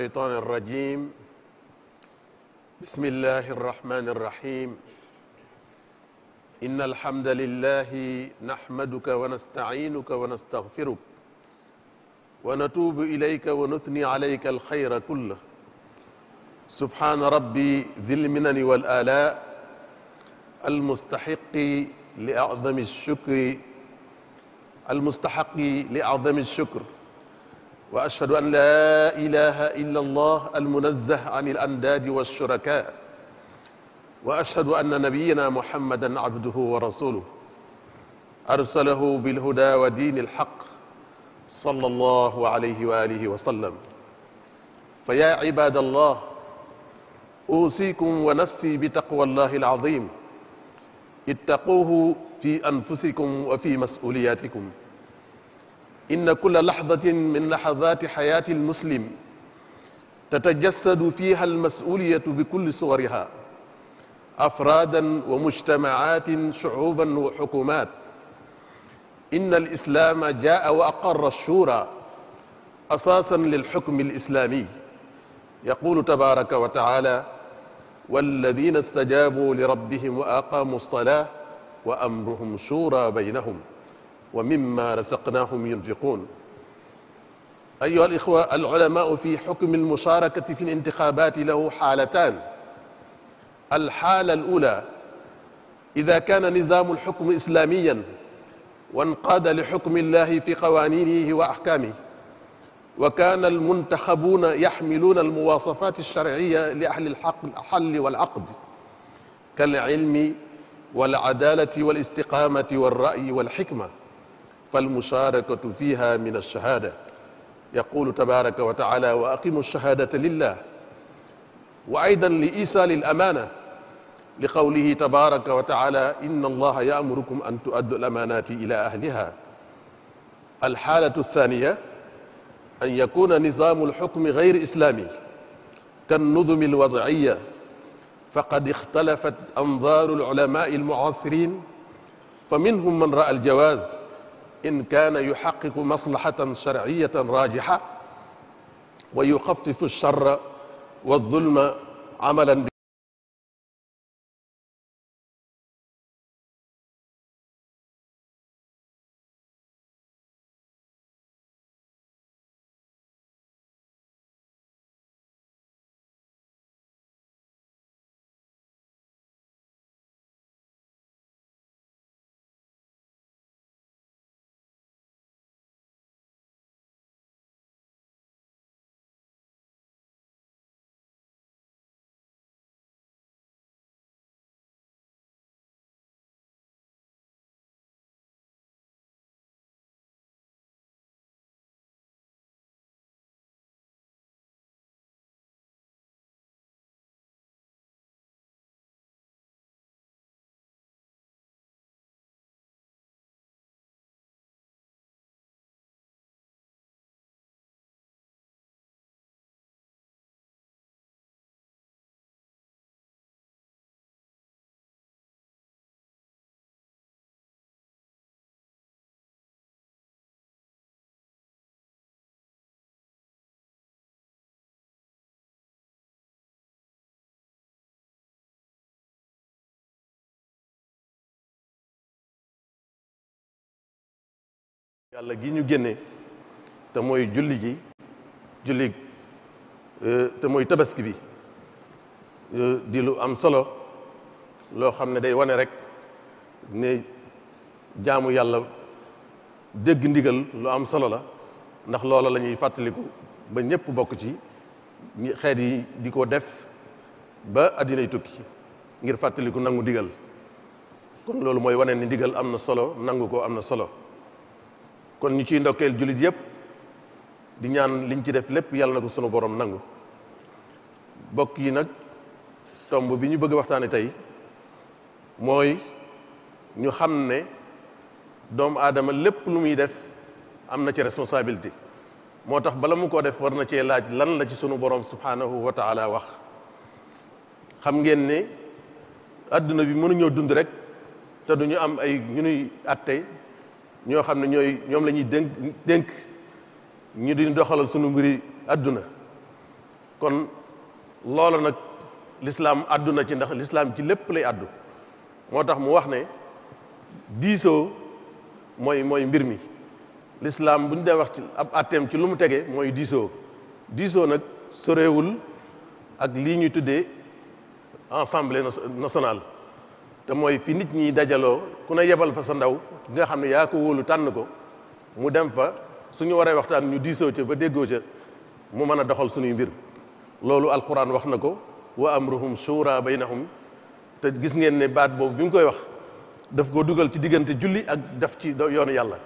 الشيطان الرجيم بسم الله الرحمن الرحيم إن الحمد لله نحمدك ونستعينك ونستغفرك ونتوب إليك ونثني عليك الخير كله سبحان ربي ذي المنن والآلاء المستحق لأعظم الشكر المستحق لأعظم الشكر wa ashhadu an laa ilaha illa allah almunazzah an al andaadi walshuraka wa ashhadu anna nabiyana muhammadan abduhu wa rasuluh arsalahu bilhuda wa diini alhaq salla allahu alayhi wa alihi wa sallam fa yaa cibaad allah uusikum wa nafsi bi taqwa allahi alazim ittaquuhu fi anfusikum wa fi masuliyaatikum inna kulla lahdatin min lahadati xayaati almuslim tatajassadu fiha almasuliyatu bi kulli suwariha afraadan wa mujtamaatin shucuuban wa xukumaat inna alislaama jaa wa aqarra ashuura asaasan lilxukmi alislaami yaquulu tabaaraka wa tacaala walladina stajaabuu lirabbihim wa aqaamu assalaa wa amruhum shuuraa baynahum ومما رزقناهم ينفقون أيها الإخوة العلماء في حكم المشاركة في الانتخابات له حالتان الحالة الأولى إذا كان نظام الحكم إسلاميا وانقاد لحكم الله في قوانينه وأحكامه وكان المنتخبون يحملون المواصفات الشرعية لأهل الحق الحل والعقد كالعلم والعدالة والاستقامة والرأي والحكمة فالمشاركة فيها من الشهادة يقول تبارك وتعالى وأقيموا الشهادة لله وأيضا لإيصال الأمانة لقوله تبارك وتعالى إن الله يأمركم أن تؤدوا الأمانات إلى أهلها الحالة الثانية أن يكون نظام الحكم غير إسلامي كالنظم الوضعية فقد اختلفت أنظار العلماء المعاصرين فمنهم من رأى الجواز إن كان يحقق مصلحة شرعية راجحة ويخفف الشر والظلم عملا yàlla gi ñu génne te mooy julli gi julli euh, te mooy tabaski bi euh, di lu am solo loo xam ne day wane rek ne jaamu yàlla dégg ndigal lu am solo la ndax loola lañuy fàttaliku ba ñëpp bokk ci xeet yi di ko def ba addinay tukki ngir fàttaliku nangu ndigal kon loolu mooy wane ni ndigal am na solo nangu ko am na solo kon ñu ciy ndokkeel jullit yépp di ñaan liñ ci def lépp yàlla na ko sunu boroom nangu bokk yi nag tomb bi ñu bëgg waxtaane tey mooy ñu xam ne doomu aadama lépp lu muy def am na ci responsabilité moo tax bala mu ko def war na cee laaj lan la ci sunu borom subhanahu wa wax xam ngeen ne àdduna bi mënuñoo dund rek te duñu am ay ñu nuy atte ñoo xam ne ñooy ñoom la ñuy dénk dénk ñu di doxalal sunu mbiri àdduna kon loolu nag lislaam àdduna ci ndax lislaam ci lépp lay àddu moo tax mu wax ne diisoo mooy mooy mbir mi lislaam bu ñu dee wax ci ab àtteem ci lu mu tege mooy diisoo diisoo nag sorewul ak lii ñuy tuddee assemblée nationale te mooy fi nit ñi dajaloo ku ne yebal fa sa ndaw nga xam ne yaa ko wóolu tànn ko mu dem fa suñu waree waxtaan ñu diisoo ca ba déggoo ca mu mën a doxal suñuy mbir loolu alxuraan wax na ko wa amruhum shura baynahum te gis ngeen ne baat boobu bi mu koy wax daf koo dugal ci diggante julli ak def ci yoonu yàlla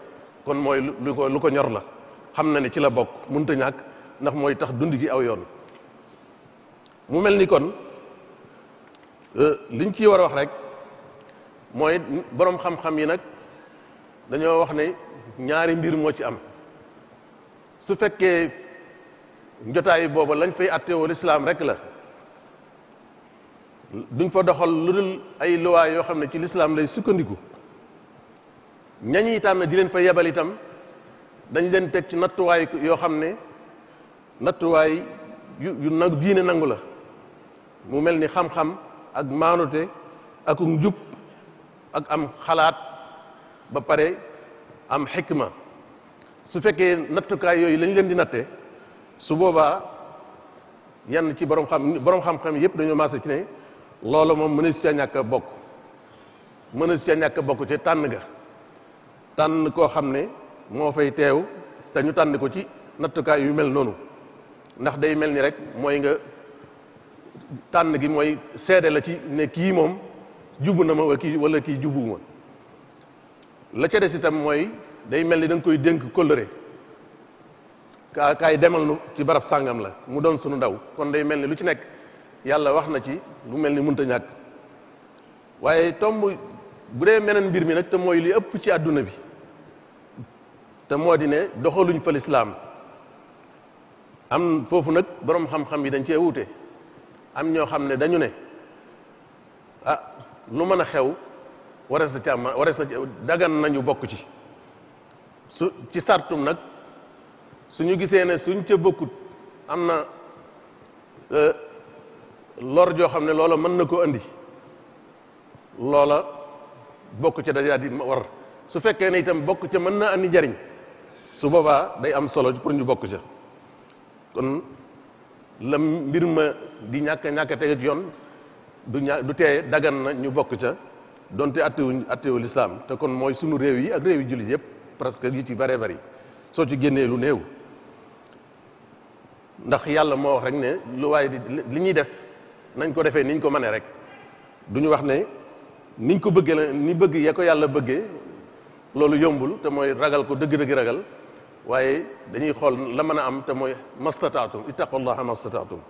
kon mooy lu ko lu ko ñor la xam na ne ci la bokk mënta ñàkk ndax mooy tax dund gi aw yoon mu mel ni kon euh, liñ ciy war a wax rek mooy boroom xam-xam yi nag dañoo wax ne ñaari mbir moo ci am su fekkee njotaay booba lañ fay àttewoo lislaam rek la duñ fa doxal lu dul ay luwaa yoo xam ne ci lislaam lay sukkandiku ñañiy tànn di leen fa yebal itam dañ leen teg ci nattuwaay yoo xam ne nattuwaay yu yu nag diine nangu la mu mel ni xam-xam ak maanute ak njub ak am xalaat ba pare am xikma su fekkee nattukaay yooyu lañ leen di natte su boobaa yenn ci borom xam borom xam-xam yëpp dañoo maase ci ne loolu moom mënees ca ñàkk a bokk mënees ca ñàkk bokk ci tànn ga tànn koo xam ne moo fay teew te ñu tànn ko ci nattukaay yu mel noonu ndax day mel ni rek mooy nga tànn gi mooy seede la ci ne kii moom jubu na ma wala kii wala kii jubuwuma la ca des itam mooy day mel ni da koy dénk kóllëre kaa kaay demal nu ci barab sàngam la mu doon sunu ndaw kon day mel ni lu ci nekk yàlla wax na ci lu mel ni mënta ñàkk waaye tomb bu dee meneen mbir mi nag te mooy li ëpp ci àdduna bi te moo di ne doxaluñ fa lislaam am foofu nag boroom xam-xam yi dañ cee wuute am ñoo xam ne dañu ne ah lu mën a xew warees na ci am warees na dagan nañu bokk ci su ci sartum nag suñu gisee ne suñ ca bokkut am na euh, lor joo xam ne loola mën na koo andi loola bokk ca dajaat yi war su fekkee na itam bokk ca mën na andi njariñ su boobaa day am solo pour ñu bokk ca kon la mbir ma di ñàkk ñàkk tege ci yoon du ñaa du tee dagan na ñu bokk ca donte attewuñ attewu lislaam te kon mooy sunu réew yi ak réew yi jullit yëpp presque yi ci bare bari soo ci génnee lu néew ndax yàlla moo wax rek ne lu waaye di li ñuy def nañ ko defee niñ ko mënee rek ñu wax ne niñ ko bëggee la ni bëgg yee ko yàlla bëggee loolu yombul te mooy ragal ko dëgg-dëgg ragal waaye dañuy xool la mën a am te mooy mastataatum ittaqullaha mastataatum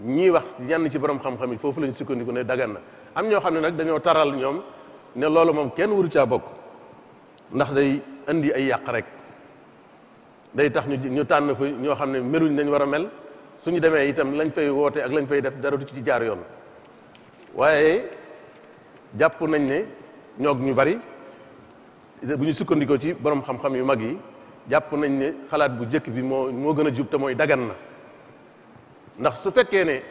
ñii wax ñenn ci boroom xam-xam yi foofu lañ sukkandiku ne dagan na am ñoo xam ne nag dañoo taral ñoom ne loolu moom kenn waru caa bokk ndax day indi ay yàq rek day tax ñu ñu tànn fa ñoo xam ne meluñ lañ war a mel suñu demee itam lañ fay woote ak lañ fay def dara du ci jaar yoon waaye jàpp nañ ne ñoog ñu bari bu ñu sukkandikoo ci boroom xam-xam yu mag yi jàpp nañ ne xalaat bu jëkk bi moo moo gën a jub te mooy dagan na ndax su fekkee ne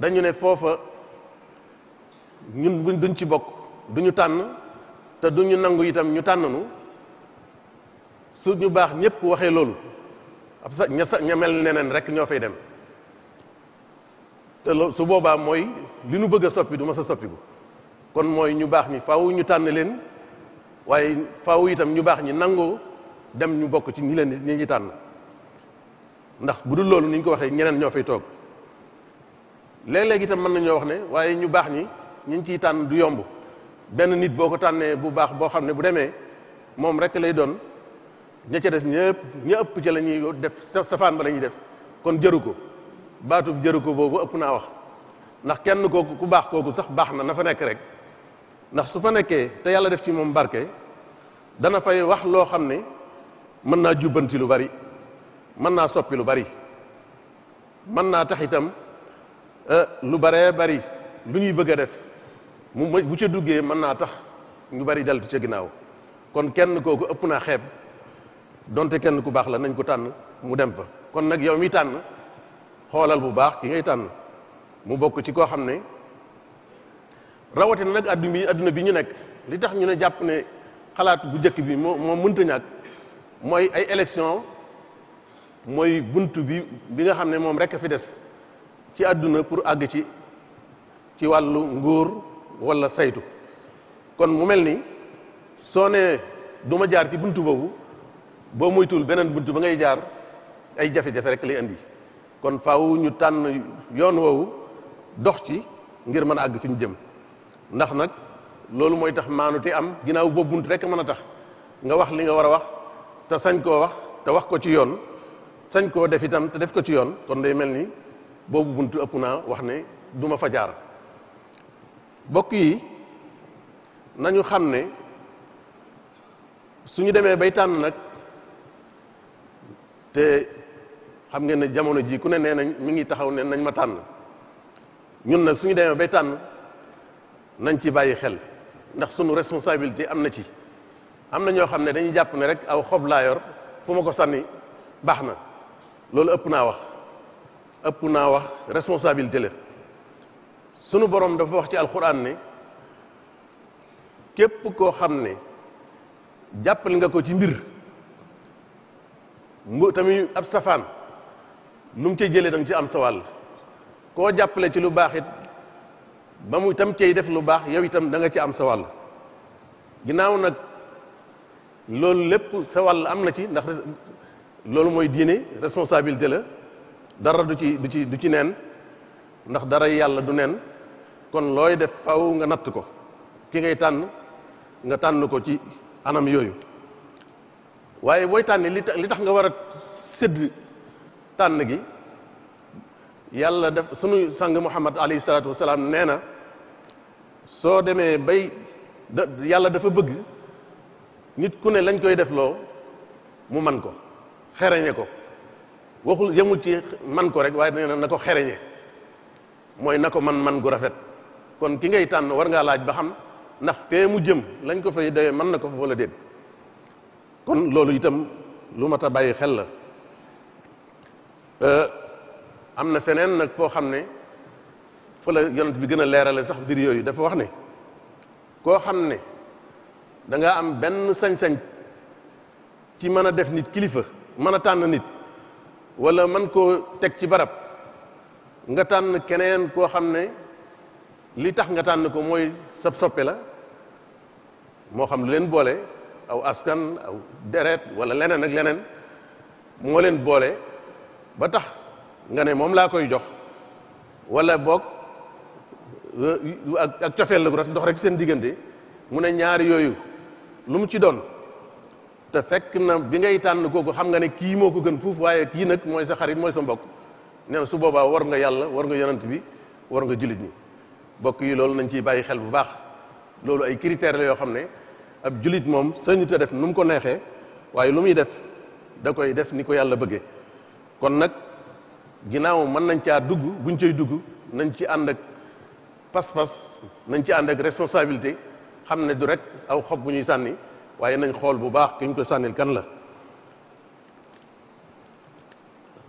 dañu ne foofa ñun buñ duñ ci bokk duñu tànn te duñu nangu itam ñu tànn su ñu baax ñëpp waxee loolu ab sa ña sa ña mel neneen rekk ñoo fay dem te lool su boobaa mooy li ñu bëgg a soppi du ma sa soppiku kon mooy ñu baax ñi faaw ñu tànn leen waaye faaw itam ñu baax ñi nangoo dem ñu bokk ci ñi leen ñi ñi tànn ndax bu dul loolu ni ko waxee ñeneen ñoo fay toog léeg-léeg itam mën nañoo wax ne waaye ñu baax ñi ñu ciy tànn du yomb benn nit boo ko tànnee bu baax boo xam ne bu demee moom rek lay doon ña ca des ñëpp ñëpp ëpp la ñuy def safaan ba lañuy def kon jëru ko baatu jëru ko boobu ëpp naa wax ndax kenn kooku ku baax kooku sax baax na na fa nekk rek ndax su fa nekkee te yàlla def ci moom barke dana fay wax loo xam ne mën naa jubbanti lu bari mën naa soppi lu bari mën naa tax itam eh, lu baree bari bu ñuy bëgg a def mu bu ca duggee mën naa tax ñu bari deltu ca ginnaaw kon kenn kooku ëpp naa xeeb donte kenn ku baax la nañ ko tànn mu dem fa kon nag yow mi tànn xoolal bu baax ki ngay tànn mu bokk ci koo xam ne rawatina nag adduna bi bi ñu nekk li tax ñu ne jàpp ne xalaat bu njëkk bi moo moo ñàkk mooy ay élection mooy bunt bi bi nga xam ne moom rekk fi des ci àdduna pour àgg ci ci wàllu nguur walla saytu kon mu mel ni soo nee duma jaar ci bunt boobu boo moytuwul beneen bunt ba ngay jaar ay jafe-jafe rek lay indi kon faw ñu tànn yoon woowu dox ci ngir mën a àgg fi ñu jëm ndax nag loolu mooy tax maanu te am ginnaaw boobu bunt rek mën a tax nga wax li nga war a wax te sañ koo wax te wax ko ci yoon sañ koo def itam te def ko ci yoon kon day mel ni boobu buntu ëpp naa wax ne duma ma fa jaar bokk yi nañu xam ne suñu demee bay tànn nag te xam ngeen ne jamono ji ku ne nee nañ mi ngi taxaw ne nañ ma tànn ñun nag suñu demee bay tànn nañ ci bàyyi xel ndax suñu responsabilité am na ci am na ñoo xam ne dañuy jàpp ne rek aw xob laa yor fu ma ko sànni baax na loolu ëpp naa wax ëpp naa wax responsabilité la sunu borom dafa wax ci alxuraan ne képp koo xam ne jàppale nga ko ci mbir mu tamit ab safaan nu mu cay jëlee danga ci am sa koo jàppale ci lu baax it ba mu tam cay def lu baax yow itam danga ci am sa ginnaaw nag loolu lépp sa am na ci ndax loolu mooy diine responsabilité la dara du ci du ci du ci neen ndax dara yàlla du nen kon looy def faw nga natt ko ki ngay tànn nga tànn ko ci anam yooyu waaye booy tànni li tax li tax nga war a sedd tànn gi yàlla def sunu sang muhammad alayhi salaatu nee na soo demee bay yàlla dafa bëgg nit ku ne lañ koy def loo mu man ko xereñe ko waxul yemul ci man ko rek waaye nee na na ko xereñe mooy na ko man man gu rafet kon ki ngay tànn war ngaa laaj ba xam ndax fee mu jëm lañ ko fay dewee man na ko fa wala déet kon loolu itam lu mat a bàyyi xel la euh, am na feneen nag foo xam ne fa la yonent bi gën a leerale sax biir yooyu dafa wax ne koo xam ne da am benn sañ-sañ ci mën a def nit kilifa mën a tànn nit wala man koo teg ci barab nga tànn keneen koo xam ne li tax nga tànn ko mooy sab soppe la moo xam lu leen boole aw askan aw deret wala leneen ak leneen moo leen boole ba tax nga ne moom laa koy jox walla boog ak cofeel la dox rek seen diggante mu ne ñaari yooyu lu mu ci doon te fekk na bi ngay tànn kooku xam nga ne kii moo ko gën fuuf waaye kii nag mooy sa xarit mooy sa mbokk nee su boobaa war nga yàlla war nga yonent bi war nga jullit ñi mbokk yi loolu nañ ciy bàyyi xel bu baax loolu ay critères la yoo xam ne ab jullit moom sañut a def nu mu ko neexee waaye lu muy def da koy def ni ko yàlla bëggee kon nag ginnaaw mën nañ caa dugg buñ cay dugg nañ ci ànd ak pas-pas nañ ci ànd ak responsabilité xam ne du rek aw xob bu ñuy sànni waaye nañ xool bu baax ki ñu ko sànnil kan la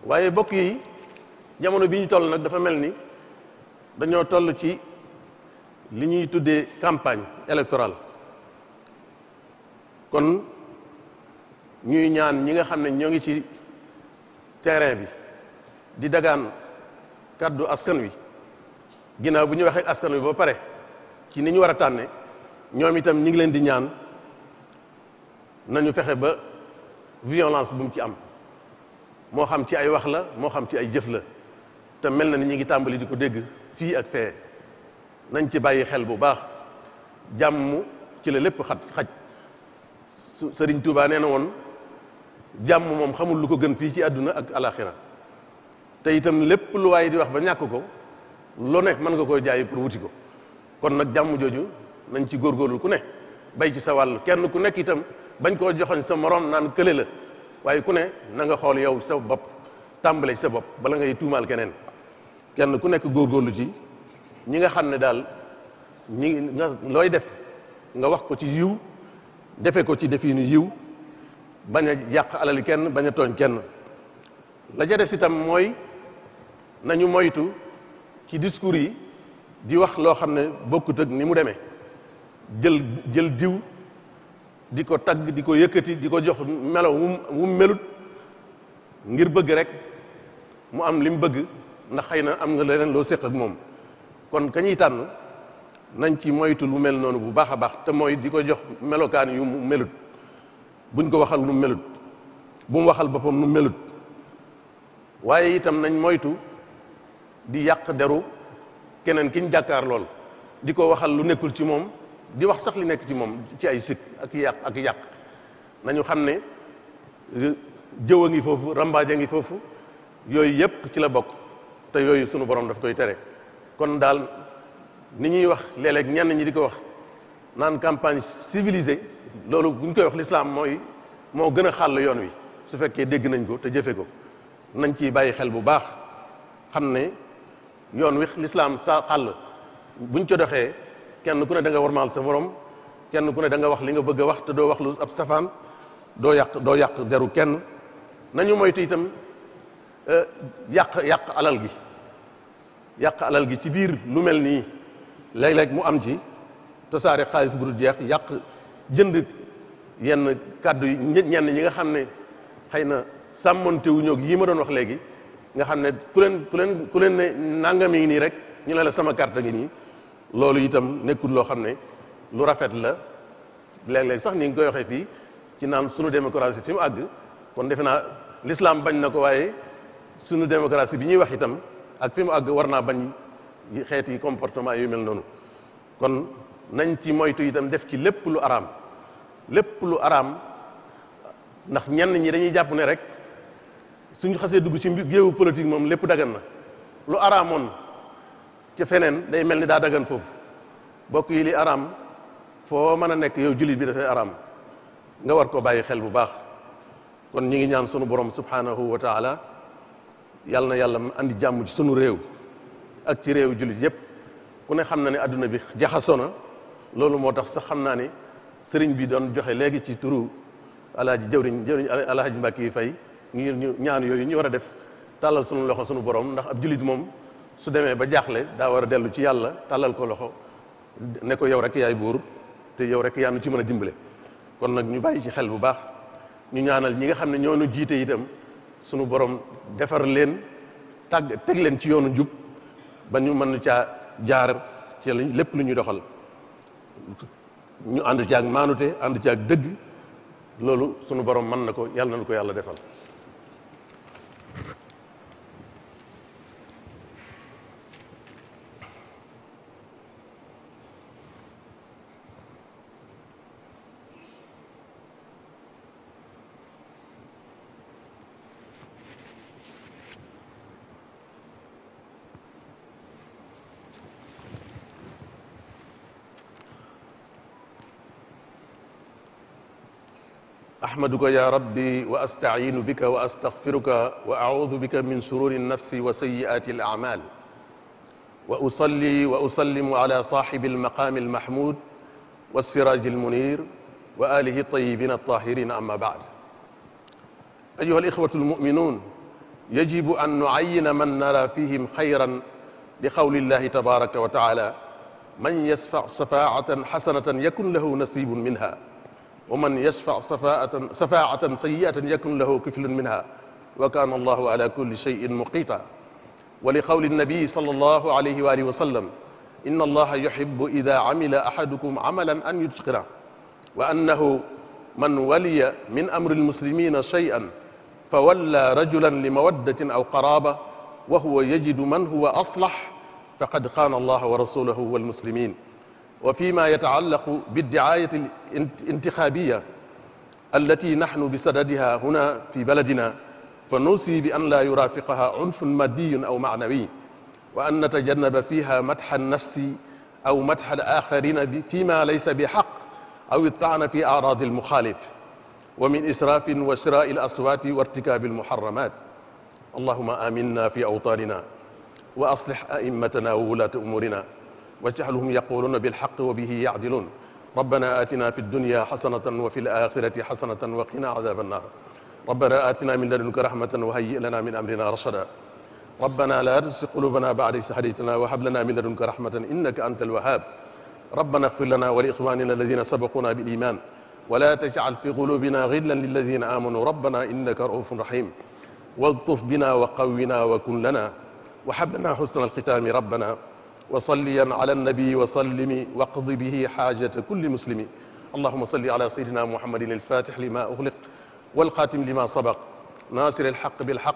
waaye bokk yi jamono bi ñu toll nag dafa mel ni dañoo toll ci li ñuy tuddee campagne électorale kon ñuy ñaan ñi nga xam ne ñoo ngi ci terrain bi di dagaan kàddu askan wi ginnaaw bu ñuy waxee askan wi ba pare ci ni ñu war a tànne ñoom itam ñu ngi leen di ñaan nañu fexe ba violence bu mu ci am moo xam ci ay wax la moo xam ci ay jëf la te mel na ni ñu ngi tàmbali di ko dégg fii ak fee nañ ci bàyyi xel bu baax jàmm ci la lépp xat xaj sëriñ Touba nee na woon jàmm moom xamul lu ko gën fii ci àdduna ak alaxira te yitam lépp lu waaye di wax ba ñàkk ko lu ne mën nga koy jaay pour wuti ko kon nag jàmm jooju nañ ci góorgóorlu ku ne bay ci sa wàll kenn ku nekk itam bañ koo joxoñ sa moroom naan kële la waaye ku ne na nga xool yow sa bopp tàmbale sa bopp bala ngay tuumaal keneen kenn ku nekk góor góorgóorlu ci ñi nga xam ne daal ñi nga looy def nga wax ko ci yiw defe ko ci definu yiw bañ a yàq alali kenn bañ a tooñ kenn la ja des itam mooy nañu moytu ci discours yi di wax loo xam ne bokkut ak ni mu demee jël jël diw di ko tagg di ko yëkkati di ko jox melo wu mu melut ngir bëgg rek mu am li bëgg ndax xëy na am nga leneen loo séq ak moom kon ka ñuy tànn nañ ci moytu lu mel noonu bu baax a baax te mooy di ko jox melokaan yu mu melut buñ ko waxal lu melut bu mu waxal boppam nu melut waaye itam nañ moytu di yàq deru keneen ki ñu jàkkaar lool di ko waxal lu nekkul ci moom di wax sax li nekk ci moom ci ay sikk ak yàq ak yàq nañu xam ne jëw a ngi foofu rambaaj a ngi foofu yooyu yëpp ci la bokk te yooyu sunu borom daf koy tere kon daal ni ñuy wax léeg ñenn ñi di ko wax naan campagne civilisée loolu bu ñu koy wax lislaam mooy moo gën a xàll yoon wi su fekkee dégg nañ ko te jëfe ko nañ ci bàyyi xel bu baax xam ne yoon wi lislaam sa xàll buñ ci doxee kenn ku ne da nga maal sa morom kenn ku ne danga wax li nga bëgg a wax te doo wax lu ab safaan doo yàq doo yàq deru kenn nañu moytu itam euh, yàq yàq alal gi yàq alal gi ci biir lu mel nii léeg-léeg mu am ci tasaare xaalis bu du jeex yàq jënd yenn kàddu yi ñenn ñi nga xam ne xëy na sàmmante wu ñoog ma doon wax léegi nga xam ne ku leen ku leen ku leen ne nangami ngi nii rek ñu ne la sama carte ngi nii loolu itam nekkul loo xam ne lu rafet la léeg-léeg sax ni nga koy waxee fii ci naan sunu démocratie fi mu àgg kon defe naa lislaam bañ na ko waaye sunu démocratie bi ñuy wax itam ak fi mu àgg war naa bañ xeeti comportement yu mel noonu kon nañ ci moytu itam def ci lépp lu araam lépp lu araam ndax ñenn ñi dañuy jàpp ne rek suñu xasee dugg ci géewu politique moom lépp dagan na lu araamoon ca feneen day mel ni daa dagan foofu bokk yi li araam foo mën a nekk yow jullit bi dafay araam nga war koo bàyyi xel bu baax kon ñu ngi ñaan sunu borom subhanahu wa taala yàlla na yàlla andi jàmm ci sunu réew ak ci réew jullit yépp ku ne xam na ne àdduna bi jaxasoo na loolu moo tax sax xam naa ni sëriñ bi doon joxe léegi ci turu alaaji jëwriñ jëwriñ alaaji mbàkk yi fay ngir ñu ñaan yooyu ñu war a def tàllal sunu loxo sunu borom ndax ab jullit moom su demee ba jaaxle daa war a dellu ci yàlla tàllal ko loxo ne ko yow rek yaay buur te yow rek yaa nu ci mën a dimbale kon nag ñu bàyyi ci xel bu baax ñu ñaanal ñi nga xam ne ñoo nu jiite itam sunu borom defar leen tàgg teg leen ci yoonu njub ba ñu mën caa jaar ci lépp lu ñuy doxal ñu ànd ci ak maanute ànd ci ak dëgg loolu sunu borom mën na ko yàlla na ko yàlla defal. ahmaduka ya rabbi wa astaciinu bika wa astaxfiruka wa acuudu bika min sururi nafsi wa sayyiaati alacmaal wa usalli wa usallimu ala saaxibi almaqaami almahmuud والسراج المنير وآله الطيبين الطاهرين أما بعد أيها الإخوة المؤمنون يجب أن نعين من نرى فيهم خيرا لقول الله تبارك وتعالى من يشفع شفاعة حسنة يكن له نصيب منها wa man yashfa safaatan safaatan sayiatan yakun lahu kiflun minha wa kaana allahu ala kulli cheyin muqita wa li qawli nabii sal allahu alayhi wa alihi wa sallam inna allaha yuhibbu ida amila ahadukum amalan an yutqina wa annahu man waliya min amri almuslimina cheyan fa walla rajulan li mawaddatin aw qaraaba wa huwa yajidu man huwa aslax faqad xaana allaha wa rasulahu walmuslimin wa fi ma yataallaqu biddiaayati al intixaabiya allati naxnu bi sadadiha huna fi baladina fa nuusi bi an laa yuraafiqaha unfun maddiyun aw maanawi wa an natajannaba fiha matxa nafsi aw matxa aaxarina bi fi ma laysa bi xaq aw ittaana fi aaraadi almuxaalif wa min israafin wa shiraa'i alaswaati wa irtikaabi almuharramaat allahuma aminna fi awtaanina wa aslix aimmatana wa wulaata umuurina واجعلهم يقولون بالحق وبه يعدلون ربنا آتنا في الدنيا حسنة وفي الآخرة حسنة وقنا عذاب النار ربنا آتنا من لدنك رحمة وهيئ لنا من أمرنا رشدا ربنا لا تزغ قلوبنا بعد إذ هديتنا وهب لنا من لدنك رحمة إنك أنت الوهاب ربنا اغفر لنا ولإخواننا الذين سبقونا بالإيمان ولا تجعل في قلوبنا غلا للذين آمنوا ربنا إنك رؤوف رحيم والطف بنا وقونا وكن لنا وحب لنا حسن الختام ربنا وصليا على النبي وسلم واقض به حاجة كل مسلم اللهم صل على سيدنا محمد الفاتح لما أغلق والخاتم لما سبق ناصر الحق بالحق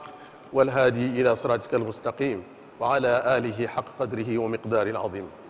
والهادي إلى صراطك المستقيم وعلى آله حق قدره ومقداره العظيم